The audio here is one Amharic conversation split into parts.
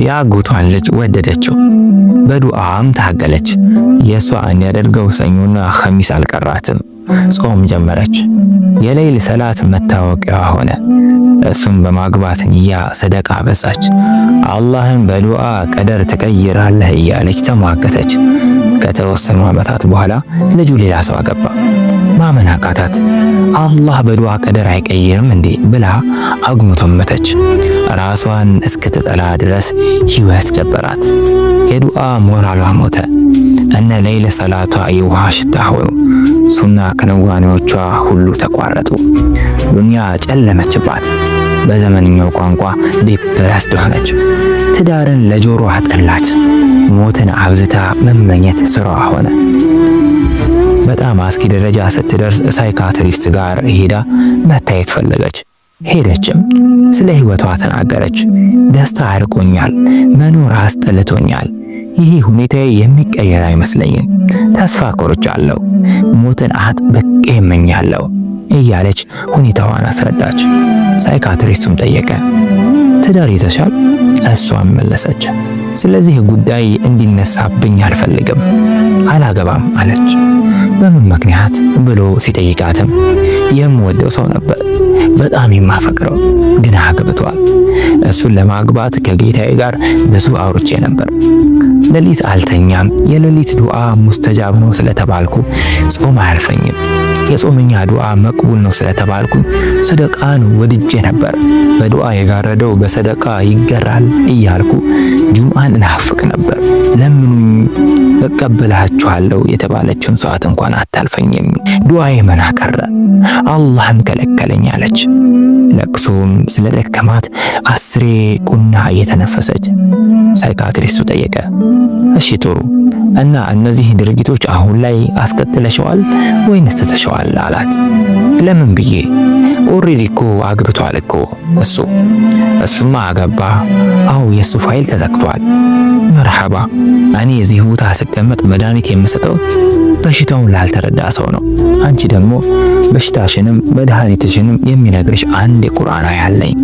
የአጎቷን ልጅ ወደደችው። በዱዓም ታገለች። የሷ እንዲያደርገው ሰኞና ኸሚስ አልቀራትም። ጾም ጀመረች። የሌይል ሰላት መታወቂያ ሆነ። እሱን በማግባት ንያ ሰደቃ በዛች። አላህን በዱዓ ቀደር ትቀይራለህ እያለች ተሟገተች። ከተወሰኑ ዓመታት በኋላ ልጁ ሌላ ሰው አገባ። ማመን አቃታት። አላህ በዱዓ ቀደር አይቀይርም እንዴ ብላ መተች። ራሷን እስክትጠላ ድረስ ሕይወት ጀበራት። የዱዓ ሞራሏ ሞተ። እነ ለይለ ሰላቷ የውሃ ሽታ ሆኑ። ሱና ክንዋኔዎቿ ሁሉ ተቋረጡ። ዱንያ ጨለመችባት። በዘመንኛው ቋንቋ ዲፕረስድ ሆነች። ትዳርን ለጆሮ አጠላች። ሞትን አብዝታ መመኘት ስራዋ ሆነ። በጣም አስኪ ደረጃ ስትደርስ ሳይካትሪስት ጋር ሄዳ መታየት ፈለገች። ሄደችም ስለ ህይወቷ ተናገረች። ደስታ አርቆኛል፣ መኖር አስጠልቶኛል። ይህ ሁኔታ የሚቀየር አይመስለኝም። ተስፋ ቆርጫለሁ፣ ሞትን አጥብቄ እመኛለሁ እያለች ሁኔታዋን አስረዳች። ሳይካትሪስቱም ጠየቀ፣ ትዳር ይዘሻል? እሷም መለሰች ስለዚህ ጉዳይ እንዲነሳብኝ አልፈልግም፣ አላገባም አለች። በምን ምክንያት ብሎ ሲጠይቃትም የምወደው ሰው ነበር፣ በጣም የማፈቅረው ግን አግብቷል። እሱን ለማግባት ከጌታዬ ጋር ብዙ አውርቼ ነበር። ሌሊት አልተኛም። የሌሊት ዱዓ ሙስተጃብ ነው ስለተባልኩ ጾም አያልፈኝም። የጾመኛ ዱዓ መቅቡል ነው ስለተባልኩ ሰደቃን ወድጄ ነበር። በዱዓ የጋረደው በሰደቃ ይገራል እያልኩ ጁምዓን እናፍቅ ነበር። ለምኑኝ እቀበላችኋለሁ የተባለችውን ሰዓት እንኳን አታልፈኝም። ዱዓዬ መና ቀረ፣ አላህም ከለከለኝ አለች። ለቅሶም ስለ ደከማት አስሬ ቁና እየተነፈሰች ሳይካትሪስቱ ጠየቀ። እሺ ጥሩ እና እነዚህ ድርጊቶች አሁን ላይ አስቀጥለሸዋል ወይንስ ትተሸዋል አላት ለምን ብዬ ኦሬዲ እኮ አግብቷል እኮ እሱ እሱማ አገባ። አው የእሱ ፋይል ተዘግቷል። መርሐባ። እኔ እዚህ ቦታ ስቀመጥ መድኃኒት የምሰጠው በሽታውን ላልተረዳ ሰው ነው። አንቺ ደግሞ በሽታሽንም መድኃኒትሽንም የሚነግርሽ አንድ ቁርአን አያለኝ።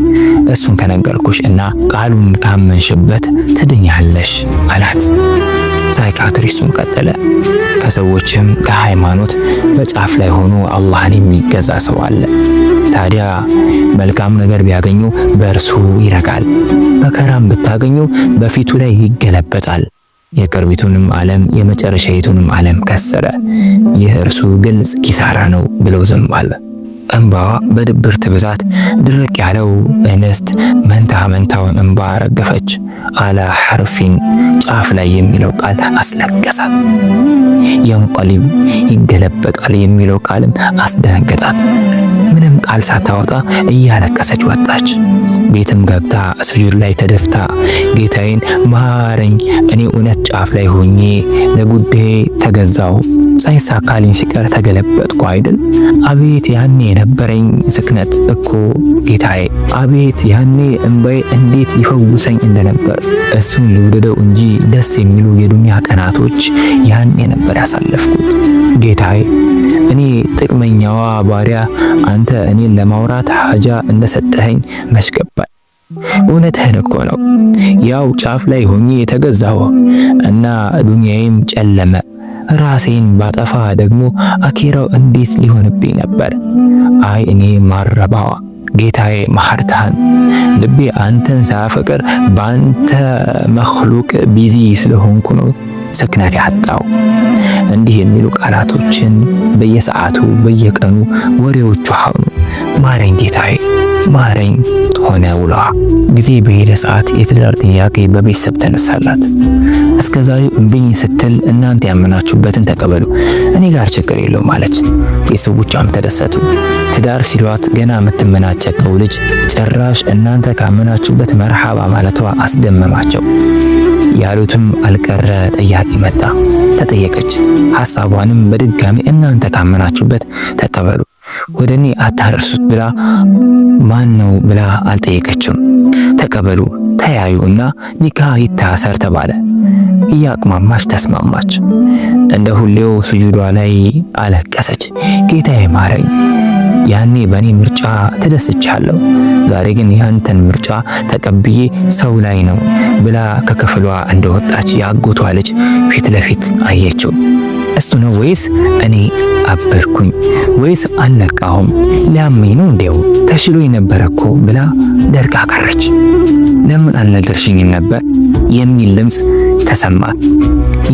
እሱን ከነገርኩሽ እና ቃሉን ካመንሽበት ትድኛለሽ አላት። ሳይካትሪስቱም ቀጠለ፣ ከሰዎችም ከሃይማኖት በጫፍ ላይ ሆኖ አላህን የሚገዛ ሰው አለ። ታዲያ መልካም ነገር ቢያገኙ በእርሱ ይረጋል መከራም ብታገኙ በፊቱ ላይ ይገለበጣል። የቅርቢቱንም ዓለም የመጨረሻይቱንም ዓለም ከሰረ። ይህ እርሱ ግልጽ ኪሳራ ነው ብለው ዝም አለ። እንባዋ በድብርት ብዛት ድርቅ ያለው እንስት መንታ መንታውን እንባ ረገፈች። አላ ሐርፊን ጫፍ ላይ የሚለው ቃል አስለቀሳት። የንቀሊብ ይገለበጣል የሚለው ቃልም አስደነገጣት። ቃል ሳታወጣ እያለቀሰች ወጣች። ቤትም ገብታ ስጁድ ላይ ተደፍታ ጌታዬን ማረኝ፣ እኔ እውነት ጫፍ ላይ ሆኜ ለጉዳዬ ተገዛው ሳይሳካልኝ ሲቀር ተገለበጥኩ አይደል? አቤት ያኔ የነበረኝ ስክነት እኮ ጌታዬ፣ አቤት ያኔ እንባዬ እንዴት ይፈውሰኝ እንደነበር። እሱን ልውደደው እንጂ ደስ የሚሉ የዱንያ ቀናቶች ያኔ ነበር ያሳለፍኩት ጌታዬ እኔ ጥቅመኛዋ ባሪያ አንተ እኔን ለማውራት ሀጃ እንደሰጠኸኝ መሽገባል። እውነትህን እኮ ነው። ያው ጫፍ ላይ ሆኜ የተገዛሁ እና ዱንያዬም ጨለመ። ራሴን ባጠፋ ደግሞ አኬራው እንዴት ሊሆንብኝ ነበር? አይ እኔ ማረባዋ ጌታዬ መሐርታን ልቤ አንተን ሳፈቅር በአንተ መክሉቅ ቢዚ ስለሆንኩ ነው። ስክነት ያጣው እንዲህ የሚሉ ቃላቶችን በየሰዓቱ በየቀኑ ወሬዎቹ ሆኑ። ማረኝ ጌታዬ ማረኝ ሆነ ውሏ። ጊዜ በሄደ ሰዓት የትዳር ጥያቄ በቤተሰብ ተነሳላት። እስከ ዛሬ እምቢኝ ስትል እናንተ ያመናችሁበትን ተቀበሉ፣ እኔ ጋር ችግር የለው ማለት ቤተሰቦቿም ተደሰቱ። ትዳር ሲሏት ገና የምትመናጨቀው ልጅ ጭራሽ እናንተ ካመናችሁበት መርሃባ ማለቷ አስደመማቸው። ያሉትም አልቀረ ጠያቂ መጣ። ተጠየቀች። ሐሳቧንም በድጋሚ እናንተ ካመናችሁበት ተቀበሉ፣ ወደ እኔ አታርሱት ብላ ማን ነው ብላ አልጠየቀችም። ተቀበሉ፣ ተያዩ እና ኒካ ይታሰር ተባለ። እያቅማማች ተስማማች። እንደ ሁሌው ስጁዷ ላይ አለቀሰች። ጌታዬ ማረኝ፣ ያኔ በእኔ ምርጫ ተደስቻለሁ ዛሬ ግን ያንተን ምርጫ ተቀብዬ ሰው ላይ ነው ብላ ከክፍሏ እንደወጣች ያጎቷ ልጅ ፊት ለፊት አየችው። እሱ ነው ወይስ እኔ አበርኩኝ ወይስ አልነቃሁም? ላሜ ነው እንዲያው ተሽሎ የነበረ እኮ ብላ ደርቃ ቀረች። ለምን አልነገርሽኝም ነበር የሚል ድምፅ ተሰማ።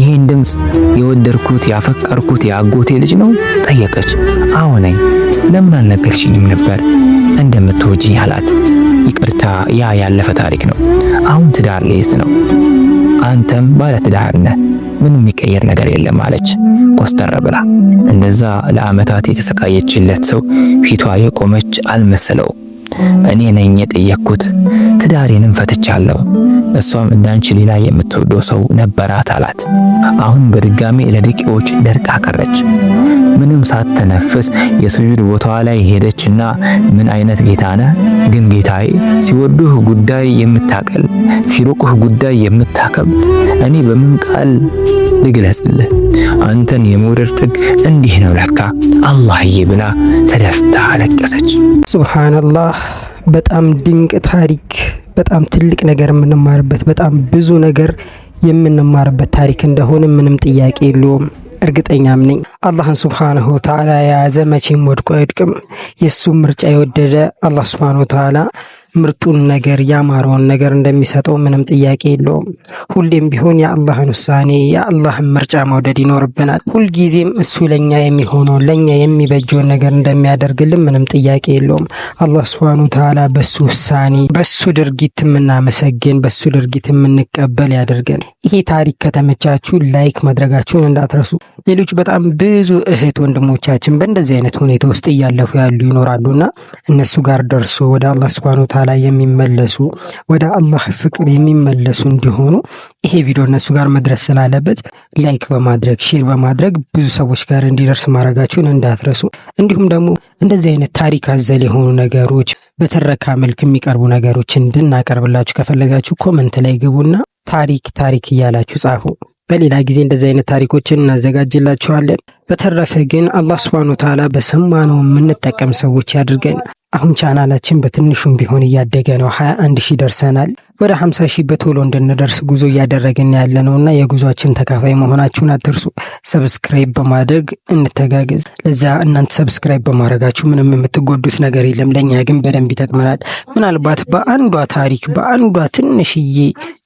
ይህን ድምፅ የወደድኩት ያፈቀርኩት የአጎቴ ልጅ ነው? ጠየቀች። አዎ ነኝ። ለምን አልነገርሽኝም ነበር እንደምትወጂኝ አላት። ይቅርታ፣ ያ ያለፈ ታሪክ ነው። አሁን ትዳር ልይዝ ነው። አንተም ባለ ትዳር ነህ። ምን የሚቀየር ነገር የለም አለች ኮስተር ብላ። እንደዛ ለአመታት የተሰቃየችለት ሰው ፊቷ የቆመች አልመሰለው። እኔ ነኝ የጠየቅኩት፣ ትዳሬንም ፈትቻለሁ። እሷም እንዳንቺ ሌላ የምትወደው ሰው ነበራት አላት። አሁን በድጋሚ ለድቂዎች ደርቃ ቀረች። ሳትተነፍስ የሱጁድ ቦታዋ ላይ ሄደችና ምን አይነት ጌታ ነህ ግን ጌታዬ፣ ሲወዱህ ጉዳይ የምታቀል ሲርቁህ ጉዳይ የምታከብድ እኔ በምን ቃል ልግለጽልህ? አንተን የመውደድ ጥግ እንዲህ ነው ለካ አላህዬ ብላ ተደፍታ አለቀሰች። ሱብሃነላህ። በጣም ድንቅ ታሪክ፣ በጣም ትልቅ ነገር የምንማርበት በጣም ብዙ ነገር የምንማርበት ታሪክ እንደሆነ ምንም ጥያቄ የለውም። እርግጠኛም ነኝ። አላህን ስብሓንሁ ተዓላ የያዘ መቼም ወድቆ አይወድቅም። የእሱም ምርጫ የወደደ አላህ ስብሓንሁ ተዓላ ምርጡን ነገር ያማረውን ነገር እንደሚሰጠው ምንም ጥያቄ የለውም። ሁሌም ቢሆን የአላህን ውሳኔ የአላህን ምርጫ መውደድ ይኖርብናል። ሁልጊዜም እሱ ለእኛ የሚሆነው ለእኛ የሚበጀውን ነገር እንደሚያደርግልን ምንም ጥያቄ የለውም። አላህ ስብሃኑ ተዓላ በሱ ውሳኔ በሱ ድርጊት የምናመሰግን በሱ ድርጊት የምንቀበል ያደርገን። ይሄ ታሪክ ከተመቻችሁ ላይክ ማድረጋችሁን እንዳትረሱ። ሌሎች በጣም ብዙ እህት ወንድሞቻችን በእንደዚህ አይነት ሁኔታ ውስጥ እያለፉ ያሉ ይኖራሉና እነሱ ጋር ደርሶ ወደ አላህ ስብሃኑ ተዓላ ተዓላ የሚመለሱ ወደ አላህ ፍቅር የሚመለሱ እንዲሆኑ ይሄ ቪዲዮ እነሱ ጋር መድረስ ስላለበት ላይክ በማድረግ ሼር በማድረግ ብዙ ሰዎች ጋር እንዲደርስ ማድረጋችሁን እንዳትረሱ። እንዲሁም ደግሞ እንደዚህ አይነት ታሪክ አዘል የሆኑ ነገሮች በትረካ መልክ የሚቀርቡ ነገሮች እንድናቀርብላችሁ ከፈለጋችሁ ኮመንት ላይ ግቡና ታሪክ ታሪክ እያላችሁ ጻፉ። በሌላ ጊዜ እንደዚህ አይነት ታሪኮችን እናዘጋጅላችኋለን። በተረፈ ግን አላህ ስብሐነ ወተዓላ በሰማነው የምንጠቀም ሰዎች ያድርገን። አሁን ቻናላችን በትንሹም ቢሆን እያደገ ነው። 21 ሺህ ደርሰናል። ወደ 50 ሺህ በቶሎ እንድንደርስ ጉዞ እያደረግን ያለ ነው እና የጉዟችን ተካፋይ መሆናችሁን አትርሱ። ሰብስክራይብ በማድረግ እንተጋገዝ። ለዛ እናንተ ሰብስክራይብ በማድረጋችሁ ምንም የምትጎዱት ነገር የለም፣ ለእኛ ግን በደንብ ይጠቅመናል። ምናልባት በአንዷ ታሪክ በአንዷ ትንሽዬ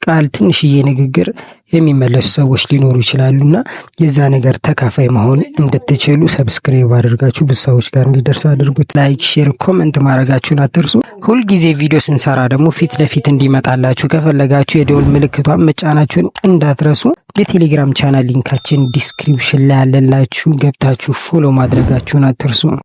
ቃል፣ ትንሽዬ ንግግር የሚመለሱ ሰዎች ሊኖሩ ይችላሉ ና የዛ ነገር ተካፋይ መሆን እንድትችሉ ሰብስክራይብ አድርጋችሁ ብዙ ሰዎች ጋር እንዲደርስ አድርጉት። ላይክ፣ ሼር፣ ኮመንት ማድረጋችሁን አትርሱ። ሁልጊዜ ቪዲዮ ስንሰራ ደግሞ ፊት ለፊት እንዲመጣላችሁ ከፈለጋችሁ የደወል ምልክቷን መጫናችሁን እንዳትረሱ። የቴሌግራም ቻናል ሊንካችን ዲስክሪፕሽን ላይ ያለላችሁ ገብታችሁ ፎሎ ማድረጋችሁን አትርሱ።